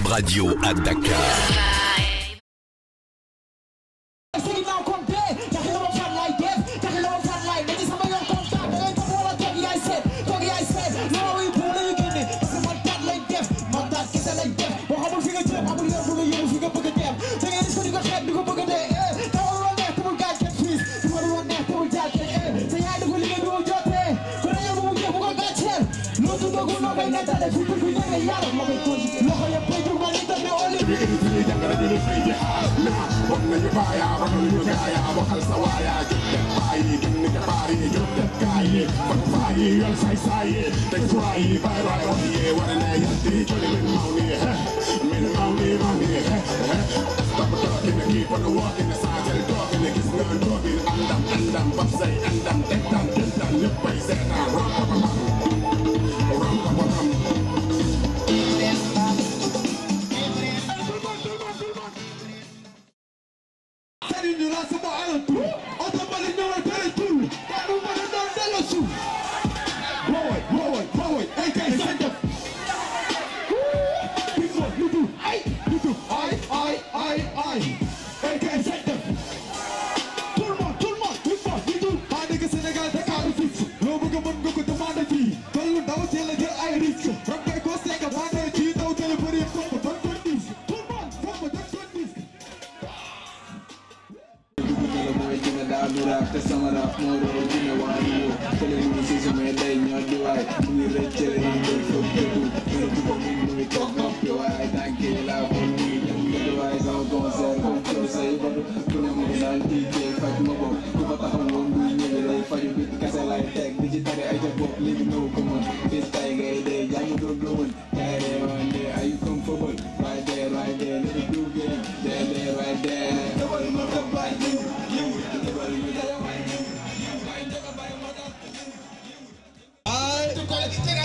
Radio à Dakar. يعرف ما بيكونش لوحه يا بيجي ما نقدر نقول لك بإيدي دخلت لي في حالها قمنا يبايع رمي يبايع وخلص وايع جبتك باي جنك باري جبتك كاي فكفاي يلساي ساي تكفاي باي باي وهي وانا يدي جولي من موني nyo lang sa mga more than you know why you Telling me this is my day, not do I We let in the foot to do When you come in, we talk up your eye Thank you, love on me I'll go and I am to put them I'm DK Fight my boy, go back up and one We never like fire, because I like tech I just walk, let me know, come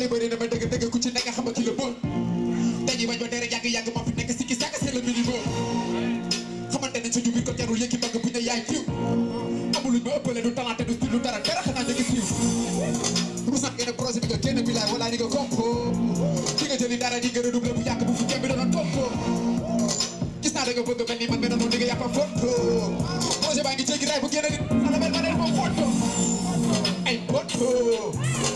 li bëri dama dëgg dëgg ku ci nekk xam nga ci la bon dañuy bañ ba dere yàgg yàgg ma nekk si ki sàkk c'est le minimum xamante ne sa jubbi ko jarul yëkki mbagg bu ñu yaay fiw amul lu ñu ëppale du talante du style du dara dara xanaa nekk fiw rusan ngeen projet bi nga génn bilaay wala di nga kompo di jëli dara di nga redoubler bu fu jëm bi danoon gis naa da nga bëgg mel ni man mel na noonu nga yàppa foto projet baa ngi jéggi raay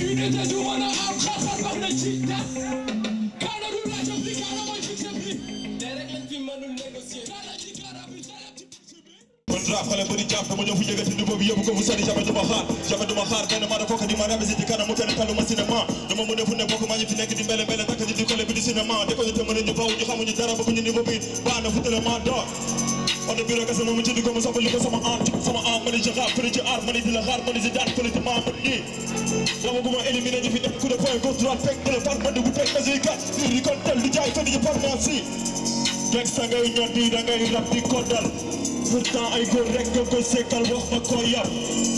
Ünite dumana arka sarmakla cidden Kanadın racabdi cinéma cinéma on bureau kese moom ci dugg ma soppali ko sama am sama am ma ni ci xaar ma ni di la xaar ma ni di daan fële ci maam la far ma dugg teg ma siy kat lii di kontel di jaay fële ci pharmacie ay góor rek ko sekkal wax ma ko